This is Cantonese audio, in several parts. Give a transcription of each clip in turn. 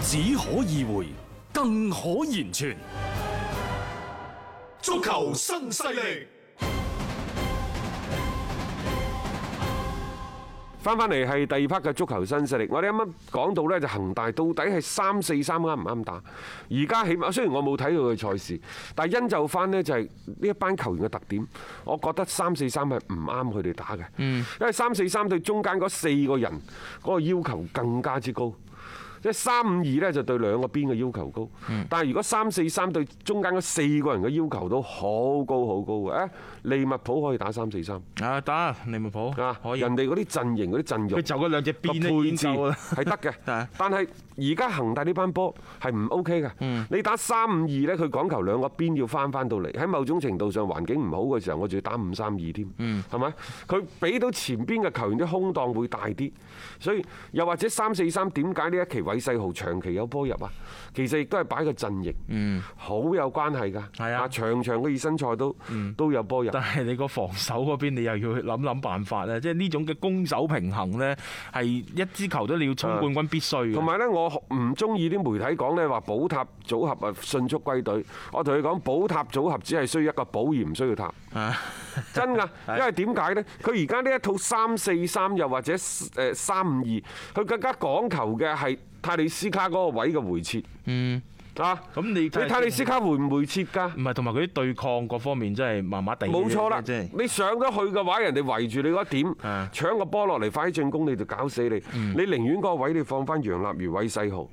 只可意會，更可言傳，足球新勢力。翻翻嚟係第二 part 嘅足球新勢力，我哋啱啱講到呢就恒大到底係三四三啱唔啱打？而家起碼雖然我冇睇到佢賽事，但係因就翻呢就係呢一班球員嘅特點。我覺得三四三係唔啱佢哋打嘅，因為三四三對中間嗰四個人嗰個要求更加之高。即係三五二咧，就對兩個邊嘅要求高，但係如果三四三對中間嗰四個人嘅要求都好高好高嘅。啊，利物浦可以打三四三啊，得，利物浦啊，可以。人哋嗰啲陣營嗰啲陣容，佢就嗰兩隻邊咧配置係得嘅。 但係而家恒大呢班波係唔 OK 嘅。你打三五二呢，佢講求兩個邊要翻翻到嚟。喺某種程度上環境唔好嘅時候，我仲要打五三二添，係咪？佢俾到前邊嘅球員啲空檔會大啲，所以又或者三四三點解呢一期？韋世豪長期有波入啊！其實亦都係擺個陣型，嗯，好有關係㗎。係啊，場場嘅熱身賽都都有波入。但係你個防守嗰邊，你又要去諗諗辦法咧。即係呢種嘅攻守平衡呢，係一支球隊你要衝冠軍必須。同埋呢，我唔中意啲媒體講呢話保塔組合啊，迅速歸隊。我同佢講，保塔組合只係需要一個保而唔需要塔。真㗎！因為點解呢？佢而家呢一套三四三又或者誒三五二，佢更加講求嘅係。泰利斯卡嗰個位嘅回撤，嗯，嗯啊，咁你泰利斯卡回唔回撤㗎？唔係，同埋佢啲對抗各方面真係麻麻地。冇錯啦，你上咗去嘅話，人哋圍住你嗰點，搶個波落嚟快啲進攻，你就搞死你、嗯。你寧願個位你放返楊立如、韋世豪，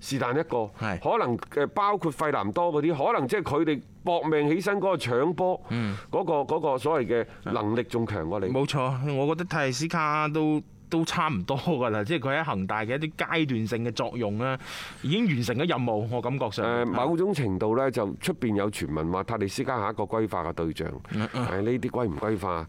是、嗯、但一個，可能嘅包括費南多嗰啲，可能即係佢哋搏命起身嗰、嗯嗰個搶波，嗰、嗰個所謂嘅能力仲強過、嗯、你。冇、嗯、錯，我覺得泰利斯卡都。都差唔多㗎啦，即係佢喺恒大嘅一啲階段性嘅作用啦，已經完成咗任務，我感覺上。誒，某種程度咧就出邊有傳聞話，塔利斯加係一個歸化嘅對象，誒呢啲歸唔歸化？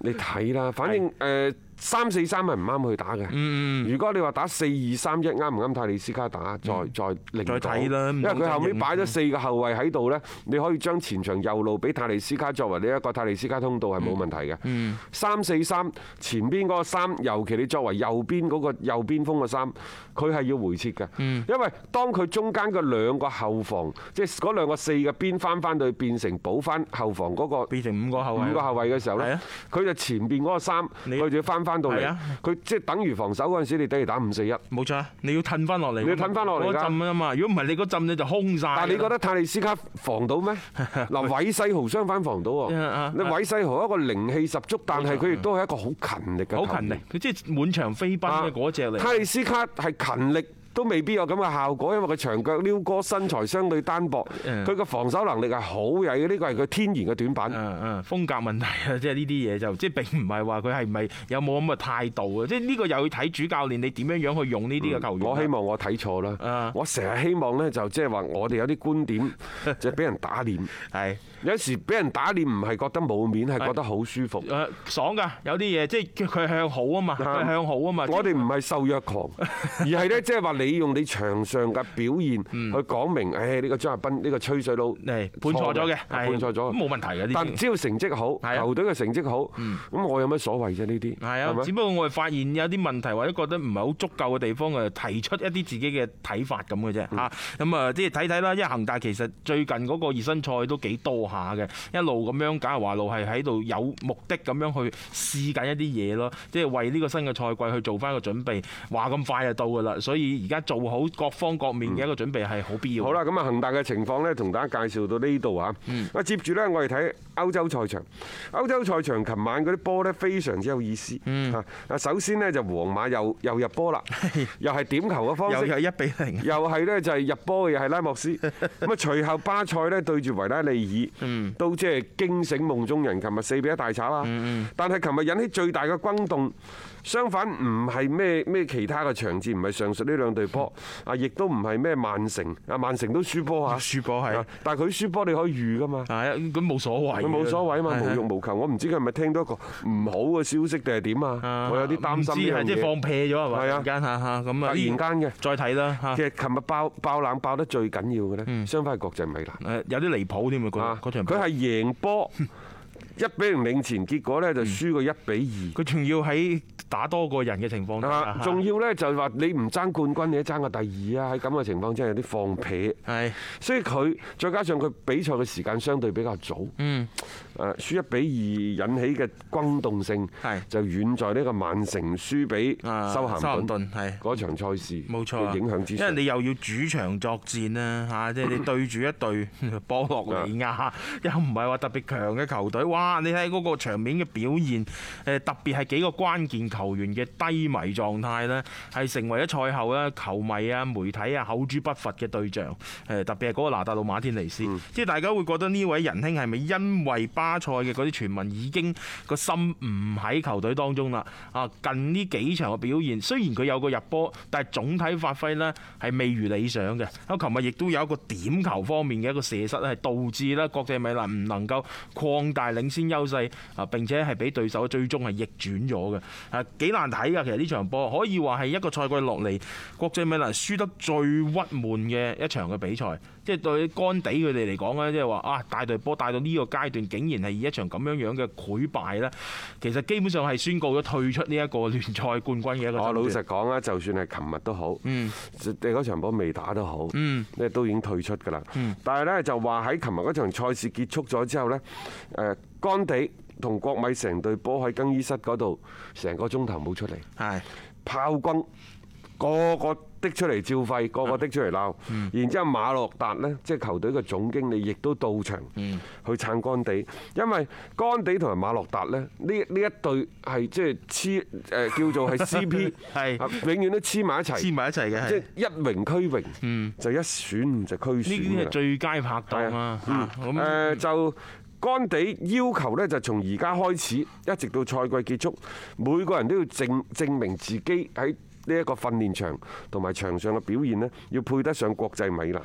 你睇啦，反正誒。三四三係唔啱去打嘅。如果你話打四二三一啱唔啱？泰利斯卡打再、嗯、再另睇啦，因為佢後屘擺咗四個後衛喺度咧，你可以將前場右路俾泰利斯卡作為呢一個泰利斯卡通道係冇問題嘅。三四三前邊嗰個三，尤其你作為右邊嗰個右邊鋒嘅三，佢係要回撤嘅。嗯、因為當佢中間嘅兩個後防，即係嗰兩個四個邊翻翻去變成補翻後防嗰個，變成五個後衞，五個後衛嘅時候咧，佢就前邊嗰個三，佢就要翻。翻到嚟，佢即係等於防守嗰陣時，你等於打五四一，冇錯。你要褪翻落嚟，你要褪翻落嚟㗎。嗰、那個、陣啊嘛，如果唔係你嗰陣，你就空曬。但係你覺得泰利斯卡防到咩？嗱， 韋世豪相反防到喎。你韋世豪一個靈氣十足，但係佢亦都係一個好勤力嘅。好勤力，佢即係滿場飛奔嘅嗰隻嚟。那個、泰利斯卡係勤力。都未必有咁嘅效果，因為佢長腳溜哥身材相對單薄，佢個防守能力係好弱嘅，呢個係佢天然嘅短板的的。風格問題啊，即係呢啲嘢就即係並唔係話佢係唔係有冇咁嘅態度啊？即係呢個又要睇主教練你點樣樣去用呢啲嘅球員、嗯，我希望我睇錯啦。我成日希望咧就即係話我哋有啲觀點就，即係俾人打臉，係有時俾人打臉唔係覺得冇面，係覺得好舒服爽㗎。有啲嘢即係佢向好啊嘛，的向好啊嘛。我哋唔係受虐狂，而係咧即係話。你。你用你場上嘅表現去講明，誒、嗯、呢、哎這個張達斌呢、這個吹水佬判錯咗嘅，判錯咗冇問題嘅。但只要成績好，球隊嘅成績好，咁、嗯、我有乜所謂啫？呢啲係啊，只不過我係發現有啲問題或者覺得唔係好足夠嘅地方，提出一啲自己嘅睇法咁嘅啫吓，咁啊，即係睇睇啦。因為，恒大其實最近嗰個熱身賽都幾多下嘅，一路咁樣簡華路係喺度有目的咁樣去試緊一啲嘢咯，即係為呢個新嘅賽季去做翻個準備。話咁快就到㗎啦，所以而家。做好各方各面嘅一個準備係好必要的。嗯好。好啦，咁啊恒大嘅情況咧，同大家介紹到呢度啊。嗯。啊，接住咧，我哋睇歐洲賽場，歐洲賽場琴晚嗰啲波咧，非常之有意思。嗯。啊，首先咧就皇馬又又入波啦，又係點球嘅方式，又一比零，又係咧就係入波嘅又係拉莫斯。咁啊，隨後巴塞咧對住維拉利爾，嗯，都即係驚醒夢中人。琴日四比一大炒啊！嗯，但係琴日引起最大嘅轟動，相反唔係咩咩其他嘅場次，唔係上述呢兩。隊波啊，亦都唔係咩曼城啊，曼城都輸波啊。輸波係，但係佢輸波你可以預噶嘛，係啊，咁冇所謂，佢冇所謂啊嘛，無欲無求，我唔知佢係咪聽到一個唔好嘅消息定係點啊，我有啲擔心，即係放屁咗啊，突然間咁突然間嘅，再睇啦。其實琴日爆爆冷爆得最緊要嘅咧，相反係國際米蘭，有啲離譜添場，佢係贏波。一比零領前，結果呢就輸個一比二，佢仲要喺打多個人嘅情況下，仲要呢就係話你唔爭冠軍，你都爭個第二啊！喺咁嘅情況之下，有啲放屁。係，所以佢再加上佢比賽嘅時間相對比較早，嗯，誒，輸一比二引起嘅轟動性係就遠在呢個曼城輸俾修咸本頓係嗰場賽事冇錯，影響之，因為你又要主場作戰啦，嚇，即係你對住一隊波洛尼亞，又唔係話特別強嘅球隊，哇！啊、你睇個場面嘅表現，誒特別係幾個關鍵球員嘅低迷狀態咧，係成為咗賽後咧球迷啊、媒體啊口誅筆伐嘅對象。誒特別係個拿達魯馬天尼斯，即、嗯、係大家會覺得呢位仁兄係咪因為巴塞嘅啲傳聞已經個心唔喺球隊當中啦？啊，近呢幾場嘅表現雖然佢有個入波，但係總體發揮咧係未如理想嘅。咁琴日亦都有一個點球方面嘅一個射失，係導致咧國際米蘭唔能夠擴大領先。先優勢啊！並且係俾對手最終係逆轉咗嘅，係幾難睇嘅。其實呢場波可以話係一個賽季落嚟國際米蘭輸得最鬱悶嘅一場嘅比賽。即係對干地佢哋嚟講咧，即係話啊，帶隊波帶到呢個階段，竟然係以一場咁樣樣嘅潰敗咧，其實基本上係宣告咗退出呢一個聯賽冠軍嘅一個。我老實講啦，就算係琴日都好，嗯，你嗰場波未打都好，嗯，咧都已經退出㗎啦，但係咧就話喺琴日嗰場賽事結束咗之後呢。誒、呃。干地同國米成隊波喺更衣室嗰度，成個鐘頭冇出嚟，係炮轟個出來個的出嚟照肺，個個的出嚟鬧。然之後馬洛達咧，即係球隊嘅總經理亦都到場。去撐干地，因為干地同埋馬洛達呢呢一對係即係黐，誒，叫做係 CP，係永遠都黐埋一齊。黐埋一齊嘅，即係一榮俱榮，就一損就俱損最佳拍檔誒、嗯嗯嗯嗯 uh, 就。干地要求呢，就從而家開始，一直到賽季結束，每個人都要證明自己喺。呢、這、一個訓練場同埋場上嘅表現咧，要配得上國際米蘭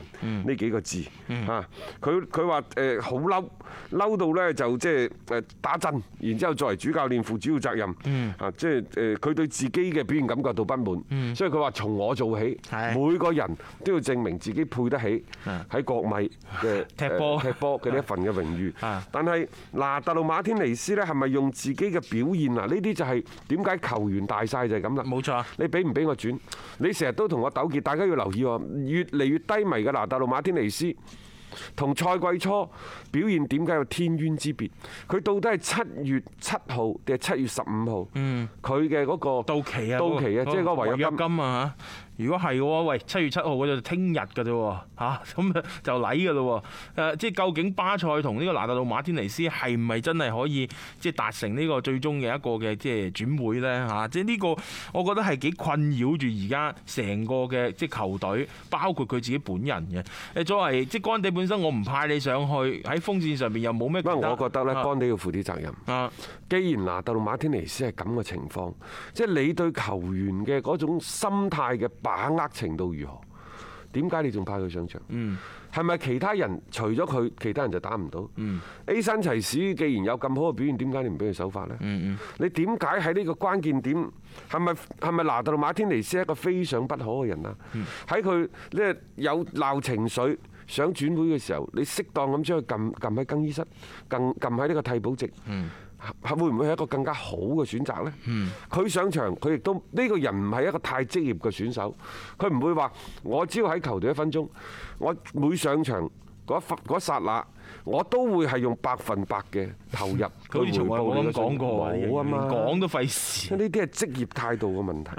呢幾個字啊。佢佢話誒好嬲，嬲到咧就即係誒打震，然之後作為主教練負主要責任啊，即係誒佢對自己嘅表現感覺到不滿，所以佢話從我做起，每個人都要證明自己配得起喺國米嘅踢波踢波嘅呢一份嘅榮譽。但係嗱達魯馬天尼斯咧，係咪用自己嘅表現啊？呢啲就係點解球員大晒就係咁啦。冇錯，你俾俾我轉，你成日都同我糾結，大家要留意喎，越嚟越低迷嘅拿達路馬天尼斯同賽季初表現點解有天淵之別？佢到底係七月七號定係七月十五號？佢嘅嗰個到期啊到期啊，即係嗰個違約金，金啊嚇。如果係喎，喂，七月七號我就聽日嘅啫喎，嚇，咁就就嚟嘅咯喎，誒，即係究竟巴塞同呢個拿特魯馬天尼斯係唔係真係可以即係達成呢個最終嘅一個嘅即係轉會咧吓，即係呢個我覺得係幾困擾住而家成個嘅即係球隊，包括佢自己本人嘅。誒，作為即係乾地本身，我唔派你上去喺鋒線上邊又冇咩。我覺得咧，乾地要負啲責任。啊，既然拿特魯馬天尼斯係咁嘅情況，即係你對球員嘅嗰種心態嘅。把握程度如何？點解你仲派佢上場？係、嗯、咪其他人除咗佢，其他人就打唔到、嗯、？A 山齊士既然有咁好嘅表現，點解你唔俾佢手法呢？嗯嗯，你點解喺呢個關鍵點係咪係咪拿得到馬天尼斯一個非常不可嘅人啊？喺佢呢有鬧情緒想轉會嘅時候，你適當咁將佢撳撳喺更衣室，撳撳喺呢個替補席。嗯係會唔會係一個更加好嘅選擇呢？佢上場，佢亦都呢、呢個人唔係一個太職業嘅選手，他不，佢唔會話我只要喺球隊一分鐘，我每上場嗰一忽嗰一剎那。我都會係用百分百嘅投入去回報。你講過冇啊？講都費事。呢啲係職業態度嘅問題。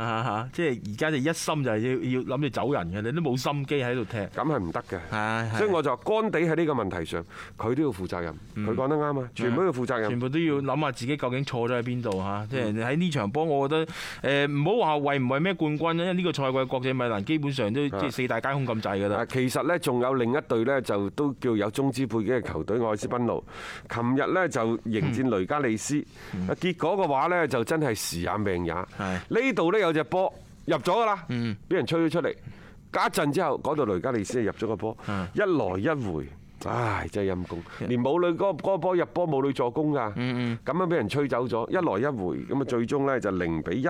即係而家你一心就係要想要諗住走人嘅，你都冇心機喺度踢。咁係唔得嘅。所以我就話乾地喺呢個問題上，佢都要負責任。佢講得啱啊，全部要負責任。全部都要諗下自己究竟錯咗喺邊度嚇。即係喺呢場波，我覺得誒唔好話為唔為咩冠軍，因為呢個賽季國際米蘭基本上都即係四大皆空咁滯㗎啦。其實呢，仲有另一隊呢，就都叫有中資背景嘅球。球隊愛斯賓奴，琴日呢就迎戰雷加利斯，啊、嗯、結果嘅話呢就真係時也命也。呢度呢有隻波入咗噶啦，嗯，俾人吹咗出嚟，隔一陣之後，嗰度雷加利斯入咗個波，一來一回，唉，真係陰公，連武磊嗰個波入波武磊助攻噶，嗯咁樣俾人吹走咗，一來一回，咁啊最終呢就零比一。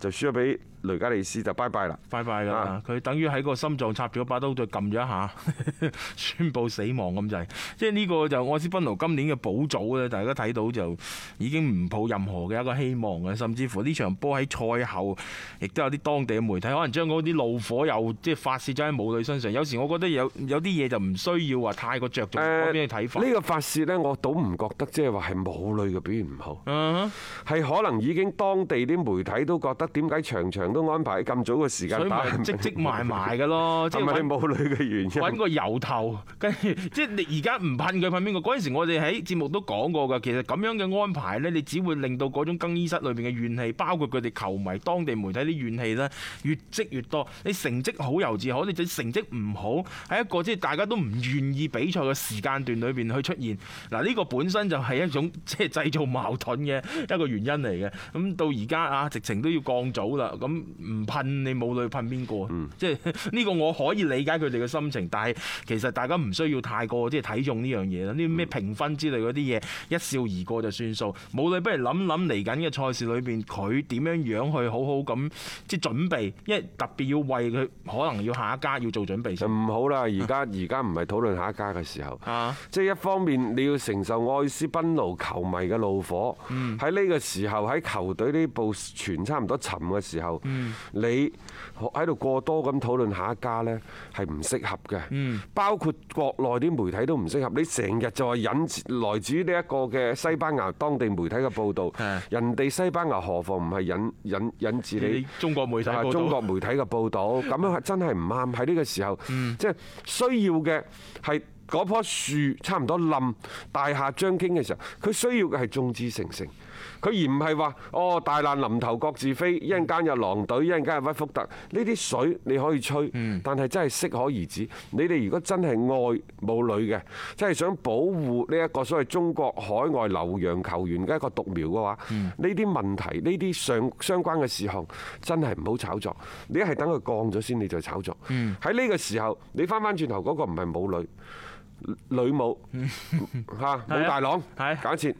就輸咗俾雷加利斯就拜拜啦，拜拜噶啦，佢、啊、等於喺個心臟插住一把刀就撳咗一下， 宣佈死亡咁滯。即係呢個就愛斯賓奴今年嘅保組咧，大家睇到就已經唔抱任何嘅一個希望嘅，甚至乎呢場波喺賽後，亦都有啲當地嘅媒體可能將嗰啲怒火又即係發泄咗喺武磊身上。有時我覺得有有啲嘢就唔需要話太過着重嗰邊嘅睇法。呢、這個發泄呢，我倒唔覺得即係話係武磊嘅表現唔好，係、uh -huh. 可能已經當地啲媒體都。都覺得點解場場都安排咁早嘅時間打積積埋埋嘅咯，即係你冇女嘅原因？揾個由頭，跟住即係你而家唔噴佢噴邊個？嗰陣時候我哋喺節目都講過㗎。其實咁樣嘅安排呢，你只會令到嗰種更衣室裏面嘅怨氣，包括佢哋球迷、當地媒體啲怨氣呢，越積越多。你成績好又至好，你成績唔好，喺一個即係大家都唔願意比賽嘅時間段裏面去出現。嗱，呢個本身就係一種即係製造矛盾嘅一個原因嚟嘅。咁到而家啊，直情。都要降早啦，咁唔噴你冇女噴邊個？即係呢個我可以理解佢哋嘅心情，但係其實大家唔需要太過即係睇重呢樣嘢啦。啲咩評分之類嗰啲嘢，一笑而過就算數。冇女不如諗諗嚟緊嘅賽事裏面，佢點樣樣去好好咁即係準備，因為特別要為佢可能要下一家要做準備。唔好啦，而家而家唔係討論下一家嘅時候。啊，即係一方面你要承受愛斯賓奴球迷嘅怒火，喺呢個時候喺球隊呢部全。差唔多沉嘅時候，你喺度過多咁討論下一家呢，係唔適合嘅。包括國內啲媒體都唔適合。你成日就話引來自於呢一個嘅西班牙當地媒體嘅報導，人哋西班牙何況唔係引引引自你中國媒體？中國媒體嘅報導，咁樣係真係唔啱。喺呢個時候，即係需要嘅係嗰棵樹差唔多冧，大廈將傾嘅時候，佢需要嘅係眾志成城。佢而唔係話哦大難臨頭各自飛，一陣間有狼隊，一陣間有屈福特。呢啲水你可以吹，但係真係適可而止。你哋如果真係愛母女嘅，真係想保護呢一個所謂中國海外留洋球員嘅一個獨苗嘅話，呢啲問題、呢啲相相關嘅事項，真係唔好炒作你。你係等佢降咗先，你再炒作。喺呢個時候，你翻翻轉頭嗰、那個唔係母女，女母嚇母大郎，對對假設。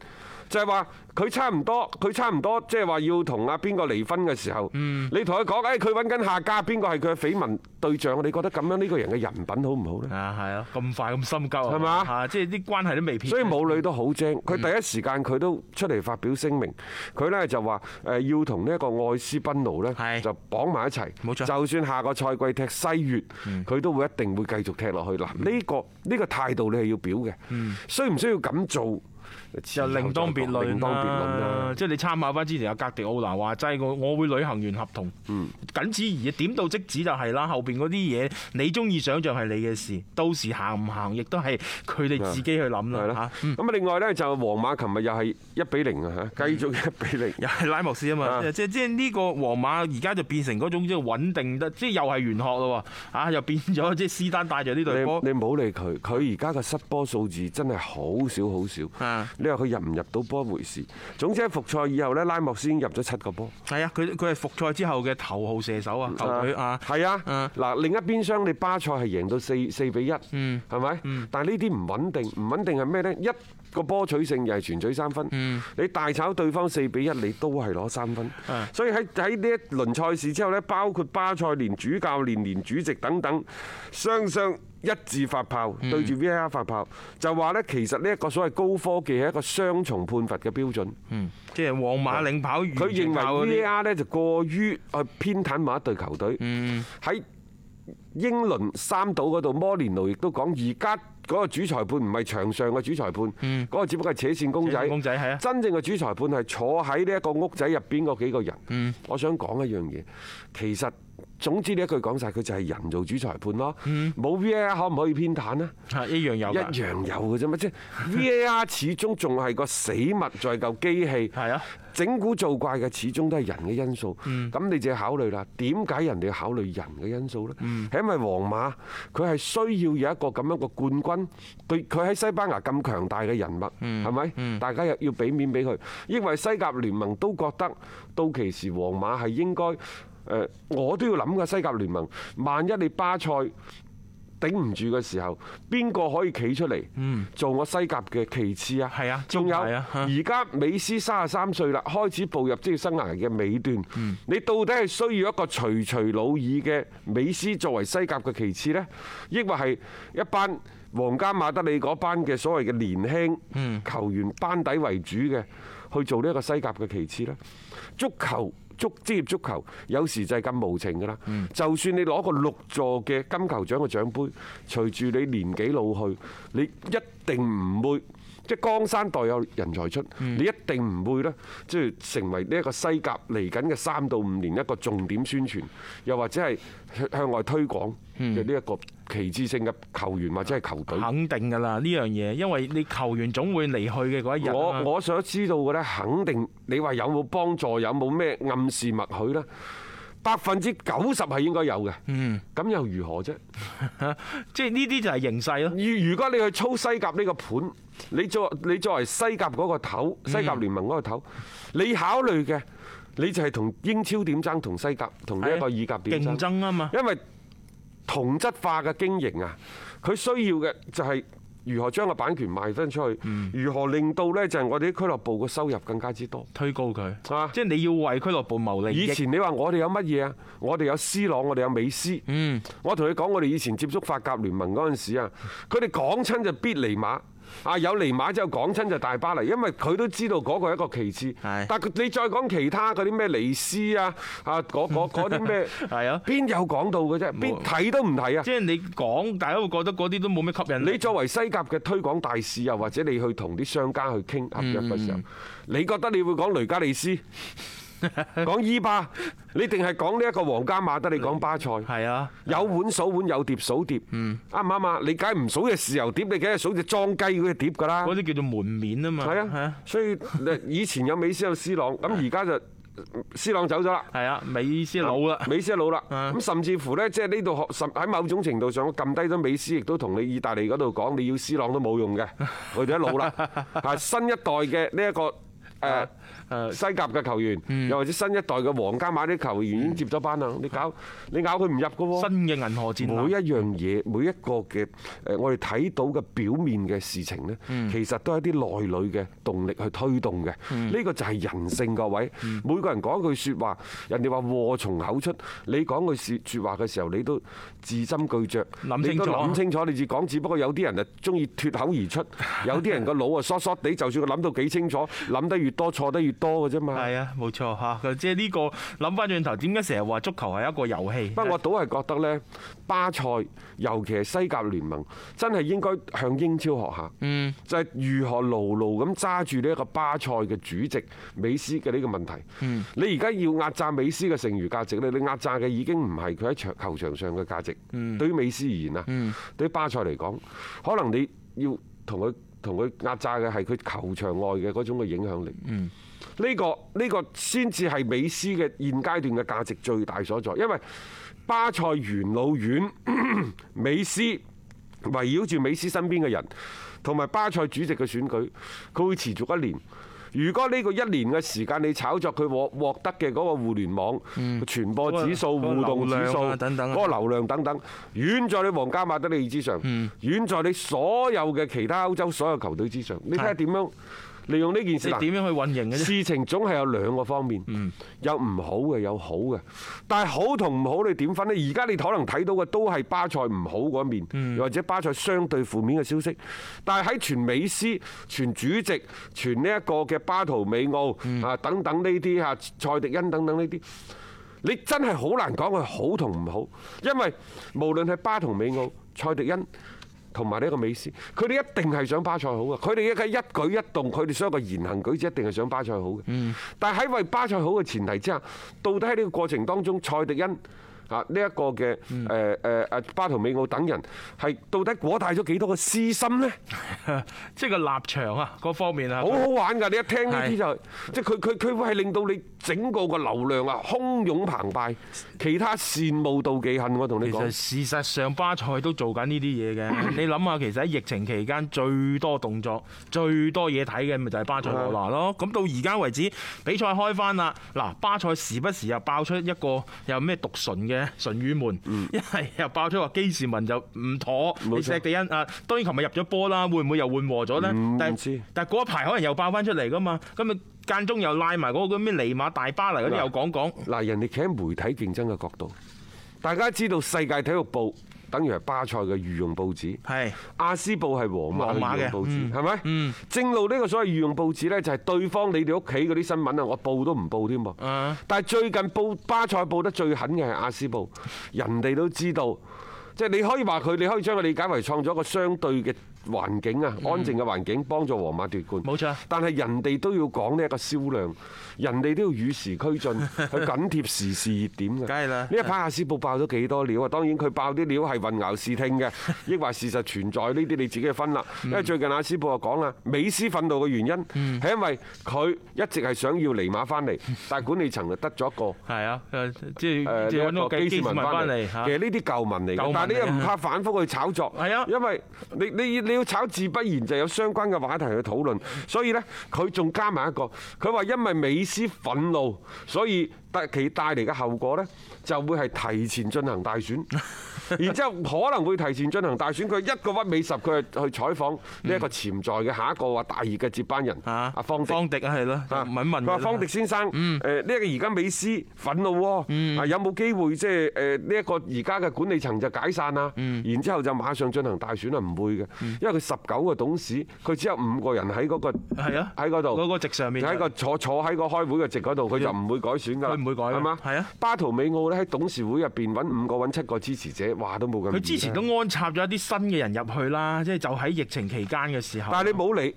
就係話佢差唔多，佢差唔多，即係話要同阿邊個離婚嘅時候，你同佢講，誒佢揾緊下家，邊個係佢嘅緋聞對象，你覺得咁樣呢個人嘅人品好唔好咧？啊，係啊，咁快咁心急啊，係嘛？即係啲關係都未撇。所以母女都好精，佢、嗯、第一時間佢都出嚟發表聲明，佢呢就話誒要同呢一個愛斯賓奴呢，就綁埋一齊，冇錯，就算下個賽季踢西乙，佢都會一定會繼續踢落去、這個。嗱，呢個呢個態度你係要表嘅，需唔需要咁做？就另當別論啦，即係你參考翻之前阿格迪奧拿話齋我我會履行完合同，僅此而，點到即止就係啦。後邊嗰啲嘢你中意想像係你嘅事，到時行唔行亦都係佢哋自己去諗啦。咁另外呢，就皇馬琴日又係一比零啊嚇，繼續一比零，又係拉莫斯啊嘛，即係呢個皇馬而家就變成嗰種穩定得，即係又係玄學咯喎，啊又變咗即係斯丹帶着呢隊波。你唔好理佢，佢而家嘅失波數字真係好少好少。因為佢入唔入到波一回事。總之喺複賽以後呢，拉莫斯已經入咗七個波。係啊，佢佢係複賽之後嘅頭號射手求求啊，球隊啊，係啊。嗱，另一邊廂你巴塞係贏到四四比一，係、嗯、咪？嗯、但係呢啲唔穩定，唔穩定係咩呢？一個波取勝又係全取三分。你大炒對方四比一，你都係攞三分。所以喺喺呢一輪賽事之後呢，包括巴塞連主教練、連主席等等，雙雙。一字發炮對住 VR 發炮，嗯、就話呢，其實呢一個所謂高科技係一個雙重判罰嘅標準、嗯。即係皇馬領跑佢認為 VR 呢就過於去偏袒某一隊球隊、嗯。喺英倫三島嗰度，摩連奴亦都講，而家嗰個主裁判唔係場上嘅主裁判，嗰、嗯、個只不過係扯線公仔。真正嘅主裁判係坐喺呢一個屋仔入邊嗰幾個人。我想講一樣嘢，其實。總之呢一句講晒，佢就係人做主裁判咯。冇 VAR 可唔可以偏袒呢？一樣有，一樣有嘅啫嘛。即 VAR 始終仲係個死物，在嚿機器。整蠱做怪嘅始終都係人嘅因素。咁、嗯、你就要考慮啦。點解人哋要考慮人嘅因素呢？係因為皇馬佢係需要有一個咁樣嘅冠軍。佢佢喺西班牙咁強大嘅人物，係咪？嗯嗯，大家又要俾面俾佢，因為西甲聯盟都覺得到期時皇馬係應該。誒，我都要諗嘅西甲聯盟，萬一你巴塞頂唔住嘅時候，邊個可以企出嚟做我西甲嘅旗幟啊？係啊，仲有而家美斯三十三歲啦，開始步入職業、即係、生涯嘅尾段。你到底係需要一個垂垂老矣嘅美斯作為西甲嘅旗幟咧，抑或係一班皇家馬德里嗰班嘅所謂嘅年輕球員班底為主嘅去做呢一個西甲嘅旗幟咧？足球。足職業足球有時就係咁無情㗎啦，就算你攞個六座嘅金球獎嘅獎杯，隨住你年紀老去，你一定唔會。即係江山代有人才出，你一定唔會咧，即係成為呢一個西甲嚟緊嘅三到五年一個重點宣傳，又或者係向向外推廣嘅呢一個旗幟性嘅球員或者係球隊肯定噶啦，呢樣嘢，因為你球員總會離去嘅嗰一日。我我想知道嘅咧，肯定你話有冇幫助，有冇咩暗示默許咧？百分之九十係應該有嘅，咁又如何啫？即係呢啲就係形勢咯。如如果你去操西甲呢個盤，你作你作為西甲嗰個頭，西甲聯盟嗰個頭，嗯、你考慮嘅你就係同英超點爭，同西甲同呢一個意甲點爭，競爭啊嘛。因為同質化嘅經營啊，佢需要嘅就係、是。如何將個版權賣翻出去？如何令到呢？就係我哋啲俱樂部嘅收入更加之多？推高佢啊！即係你要為俱樂部牟利。以前你話我哋有乜嘢啊？我哋有 C 朗，我哋有美斯。嗯、我同你講，我哋以前接觸法甲聯盟嗰陣時啊，佢哋講親就必尼馬。啊有尼馬之後講親就大巴黎，因為佢都知道嗰個係一個其次，但係你再講其他嗰啲咩尼斯啊，啊嗰啲咩係啊，邊有講到嘅啫？邊睇都唔睇啊！即係你講，大家都覺得嗰啲都冇咩吸引。你作為西甲嘅推廣大使，又或者你去同啲商家去傾合約嘅時候，嗯、你覺得你會講雷加尼斯？講伊巴，你定係講呢一個皇家馬德？你講巴塞係啊，啊，有碗數碗，有碟數碟，碟，嗯，啱唔啱啊？你解唔數嘅豉油碟，你梗係數隻裝雞嗰隻碟噶啦？嗰啲叫做門面啊嘛。係啊，所以以前有美斯有 C 朗，咁而家就 C 朗走咗啦。係啊，美斯老啦，嗯。美斯老啦。咁，啊、甚至乎咧，即係呢度學，喺某種程度上，撳低咗美斯，亦都同你意大利嗰度講，你要 C 朗都冇用嘅，佢哋都老啦。係 新一代嘅呢一個誒。呃西甲嘅球員，又或者新一代嘅皇家馬德球員已經接咗班啦。你搞你咬佢唔入嘅喎。新嘅銀河戰，每一樣嘢，每一個嘅誒，我哋睇到嘅表面嘅事情咧，其實都係一啲內裏嘅動力去推動嘅。呢個就係人性，各位。每個人講一句說話，人哋話禍從口出。你講句說說話嘅時候，你都字斟句酌，你都諗清楚。諗清楚，你至講。只不過有啲人啊中意脫口而出，有啲人個腦啊，疏疏地，就算佢諗到幾清楚，諗得越多，錯得越。多嘅啫嘛，係啊，冇錯嚇。即係呢個諗翻轉頭，點解成日話足球係一個遊戲？不過我倒係覺得呢，巴塞尤其係西甲聯盟，真係應該向英超學下，就係如何牢牢咁揸住呢一個巴塞嘅主席美斯嘅呢個問題。你而家要壓榨美斯嘅剩餘價值咧，你壓榨嘅已經唔係佢喺場球場上嘅價值。對於美斯而言啊，對於巴塞嚟講，可能你要同佢同佢壓榨嘅係佢球場外嘅嗰種嘅影響力。呢、這個呢、這個先至係美斯嘅現階段嘅價值最大所在，因為巴塞元老院、 美斯圍繞住美斯身邊嘅人，同埋巴塞主席嘅選舉，佢會持續一年。如果呢個一年嘅時間你炒作佢獲獲得嘅嗰個互聯網傳、嗯、播指數、那個啊、互動指數、嗰、那個啊啊那個流量等等，遠在你皇家馬德里之上，遠、嗯、在你所有嘅其他歐洲所有球隊之上，你睇下點樣？利用呢件事，點樣去運營嘅事情總係有兩個方面，有唔好嘅，有好嘅。但係好同唔好，你點分呢？而家你可能睇到嘅都係巴塞唔好嗰一面，或者巴塞相對負面嘅消息。但係喺全美斯、全主席、全呢一個嘅巴圖美奧啊等等呢啲嚇，蔡、嗯、迪恩等等呢啲，你真係好難講佢好同唔好，因為無論係巴圖美奧、蔡迪恩。同埋呢一個美斯，佢哋一定係想巴塞好嘅，佢哋一舉一動，佢哋所有嘅言行舉止一定係想巴塞好嘅。但係喺為巴塞好嘅前提之下，到底喺呢個過程當中，蔡迪恩？啊、這個！呢一個嘅誒誒誒巴圖美奧等人係到底果帶咗幾多個私心咧？即係個立場啊，各方面啊，好好玩㗎！你一聽呢啲就，是即係佢佢佢會係令到你整個個流量啊洶湧澎湃，其他羨慕妒忌恨我同你講，其實事實上巴塞都做緊呢啲嘢嘅，你諗下其實喺疫情期間最多動作最多嘢睇嘅咪就係巴塞羅那咯。咁到而家為止比賽開翻啦，嗱，巴塞時不時又爆出一個有咩毒醇嘅。純雨門，一係又爆出話基士文就唔妥，你石地恩，啊，當然琴日入咗波啦，會唔會又緩和咗咧、嗯？但係但係嗰一排可能又爆翻出嚟噶嘛，咁啊間中又拉埋嗰個咩尼馬大巴黎嗰啲又講講。嗱，人哋企喺媒體競爭嘅角度，大家知道世界體育報。等於係巴塞嘅御用報紙，係《阿斯報》係皇馬嘅報紙，係咪？嗯、正路呢個所謂御用報紙呢，就係對方你哋屋企嗰啲新聞啊，我報都唔報添噃。但係最近報巴塞報得最狠嘅係《阿斯報》，人哋都知道，即係你可以話佢，你可以將佢理解為創咗一個相對嘅。環境啊，安靜嘅環境幫助皇馬奪冠。冇錯，但係人哋都要講呢一個銷量，人哋都要與時俱進，去緊貼時事熱點嘅。梗係啦。呢一排阿斯報爆咗幾多料啊？當然佢爆啲料係混淆視聽嘅，抑或事實存在呢啲你自己分啦。因為最近阿斯報就講啦，美斯憤怒嘅原因係因為佢一直係想要尼馬翻嚟，但係管理層就得咗一個。係啊，誒即係誒揾個基斯文翻嚟。其實呢啲舊聞嚟嘅，但係你又唔怕反覆去炒作。係啊，因為你你你。要炒字，不然就有相關嘅話題去討論。所以咧，佢仲加埋一個，佢話因為美斯憤怒，所以。但係佢帶嚟嘅後果呢，就會係提前進行大選，然之後可能會提前進行大選。佢一個屈尾十，佢去採訪呢一個潛在嘅下一個話大熱嘅接班人。阿方方迪啊，係咯，問問佢話方迪先生，呢一個而家美斯憤怒喎，有冇機會即係誒呢一個而家嘅管理層就解散啊？然之後就馬上進行大選啊？唔會嘅，因為佢十九個董事，佢只有五個人喺嗰、那個喺度嗰席上面，喺個坐坐喺個開會嘅席嗰度，佢就唔會改選㗎。會改啦，係啊！巴圖美奧咧喺董事會入邊揾五個、揾七個支持者，話都冇咁。佢之前都安插咗一啲新嘅人入去啦，即係就喺疫情期間嘅時候。但係你冇理，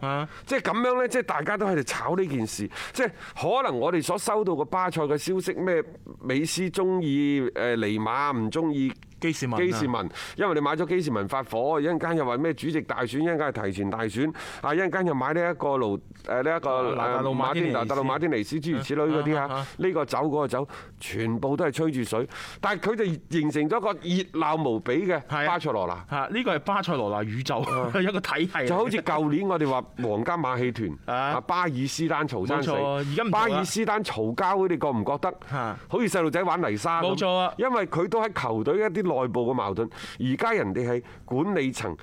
即係咁樣呢，即係大家都喺度炒呢件事，即係可能我哋所收到嘅巴塞嘅消息，咩美斯中意誒，尼馬唔中意，基士文、啊，因為你買咗基士文發火，一陣間又話咩主席大選，一陣間又提前大選，啊一陣間又買呢一個盧誒呢一個納納度馬丁納、納度馬丁尼斯，丁尼斯諸如此類嗰啲啊，呢、啊啊呢個走嗰、嗰個走，全部都係吹住水，但係佢就形成咗個熱鬧無比嘅巴塞羅那，呢個係巴塞羅那宇宙、啊、一個體系，就好似舊年我哋話皇家馬戲團啊巴爾斯丹嘈爭，巴爾斯丹嘈交，你覺唔覺得係、啊？好似細路仔玩泥沙冇咁，錯啊、因為佢都喺球隊一啲。內部嘅矛盾，而家人哋係管理層。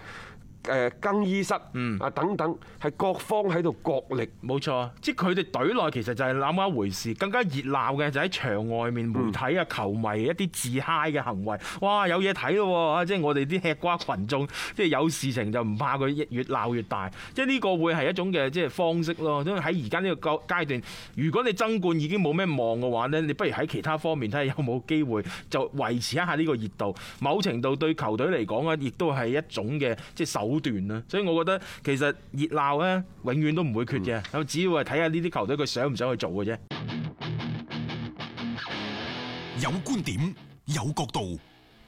誒更衣室啊等等，係、嗯、各方喺度角力，冇錯。即係佢哋隊內其實就係那麼一回事。更加熱鬧嘅就喺場外面，媒體啊、球迷一啲自嗨嘅行為，哇，有嘢睇咯喎！即係我哋啲吃瓜群眾，即係有事情就唔怕佢越鬧越大。即係呢個會係一種嘅即係方式咯。因為喺而家呢個階段，如果你爭冠已經冇咩望嘅話呢，你不如喺其他方面睇下有冇機會就維持一下呢個熱度。某程度對球隊嚟講啊，亦都係一種嘅即係手。斷啦，所以我覺得其實熱鬧咧，永遠都唔會缺嘅。咁只要係睇下呢啲球隊，佢想唔想去做嘅啫。有觀點，有角度，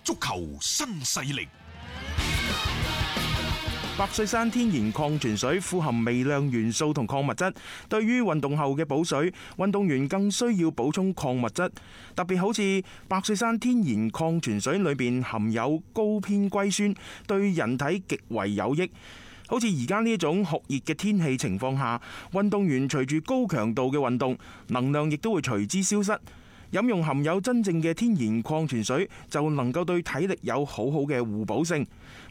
足球新勢力。百歲山天然礦泉水富含微量元素同礦物質，對於運動後嘅補水，運動員更需要補充礦物質。特別好似百歲山天然礦泉水裏邊含有高偏硅酸，對人體極為有益。好似而家呢種酷熱嘅天氣情況下，運動員隨住高強度嘅運動，能量亦都會隨之消失。飲用含有真正嘅天然礦泉水，就能夠對體力有好好嘅互補性。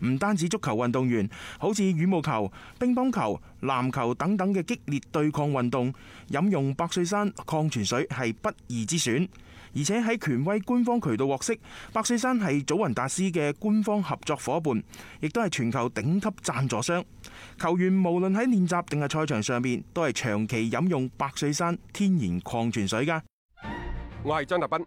唔單止足球運動員，好似羽毛球、乒乓球、籃球等等嘅激烈對抗運動，飲用百歲山礦泉水係不二之選。而且喺權威官方渠道獲悉，百歲山係祖雲達斯嘅官方合作伙伴，亦都係全球頂級贊助商。球員無論喺練習定係賽場上面，都係長期飲用百歲山天然礦泉水㗎。我係張達斌。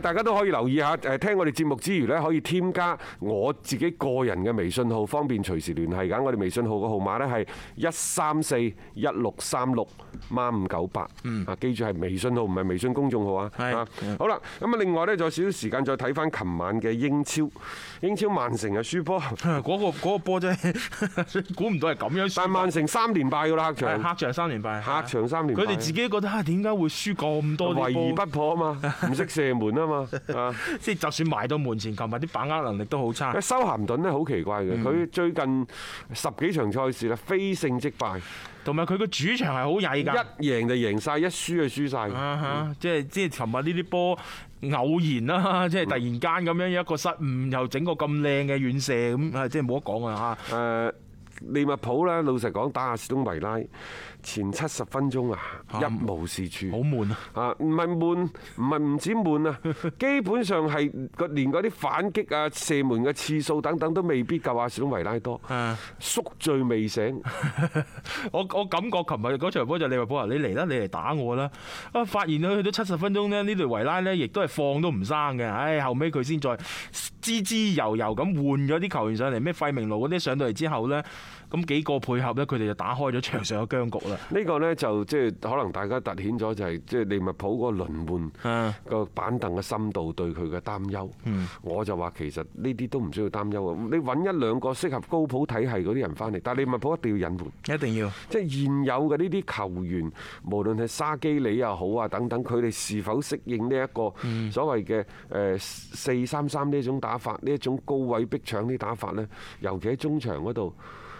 大家都可以留意下，聽我哋節目之餘可以添加我自己個人嘅微信號，方便隨時聯繫㗎。我哋微信號個號碼呢係一三四一六三六孖五九八。啊，記住係微信號，唔係微信公眾號啊。好啦，咁啊，另外呢，仲有少少時間再睇翻琴晚嘅英超。英超曼城又輸波、嗰個，嗰、嗰個波真係估唔到係咁樣，但係曼城三連敗噶啦，客場。客場三連敗。客場三連敗。佢哋自己覺得嚇點解會輸咁多波？圍而不破啊嘛，唔 識射門啊嘛，啊！即係就算埋到門前，琴日啲把握能力都好差。誒，修咸頓呢，好奇怪嘅，佢最近十幾場賽事咧非勝即敗。同埋佢個主場係好曳㗎，一贏就贏晒，一輸就輸晒、嗯。即係即係琴日呢啲波偶然啦，即係突然間咁樣一個失誤，又整個咁靚嘅遠射，咁啊即係冇得講啊吓。利物浦咧，老實講打阿斯東維拉前七十分鐘啊，一無是處。好悶啊！啊，唔係悶，唔係唔止悶啊！基本上係個連嗰啲反擊啊、射門嘅次數等等都未必夠阿斯東維拉多。嗯。宿醉未醒，我我感覺琴日嗰場波就利物浦話：你嚟啦，你嚟打我啦！啊，發現佢去到七十分鐘咧，呢隊維拉咧亦都係放都唔生嘅。唉，後尾佢先再滋滋油油咁換咗啲球員上嚟，咩費明路嗰啲上到嚟之後咧。咁幾個配合呢，佢哋就打開咗場上嘅僵局啦。呢個呢，就即係可能大家突顯咗就係即係利物浦嗰個輪換個板凳嘅深度對佢嘅擔憂。我就話其實呢啲都唔需要擔憂啊。你揾一兩個適合高普體系嗰啲人翻嚟，但係利物浦一定要引援，一定要即係現有嘅呢啲球員，無論係沙基里又好啊等等，佢哋是否適應呢一個所謂嘅誒四三三呢種打法，呢一種高位逼搶啲打法呢，尤其喺中場嗰度。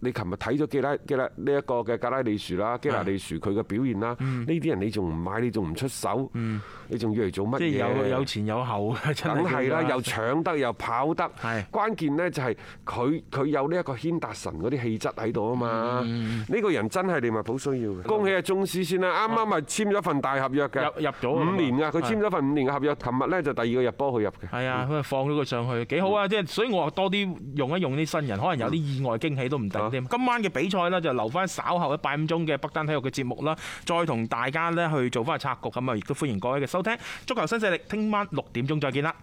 你琴日睇咗基呢一個嘅格拉利殊啦，基拉利殊佢嘅表現啦、嗯，呢啲人你仲唔買，你仲唔出手？嗯、你仲要嚟做乜嘢？就是、有有前有後，梗係啦，又搶得又跑得。關鍵呢就係佢佢有呢一個軒達臣嗰啲氣質喺度啊嘛！呢個人真係你咪好需要嘅。恭喜阿宗師先啦，啱啱咪簽咗份大合約嘅，入咗五年啊！佢簽咗份五年嘅合約，琴日呢就第二個入波佢入嘅。係啊，佢放咗佢上去幾好啊！即係所以我話多啲用一用啲新人，可能有啲意外驚喜都唔定。今晚嘅比賽就留返稍後一百五鐘嘅北丹體育嘅節目啦，再同大家呢去做返個拆局咁啊，亦都歡迎各位嘅收聽足球新勢力，聽晚六點鐘再見啦。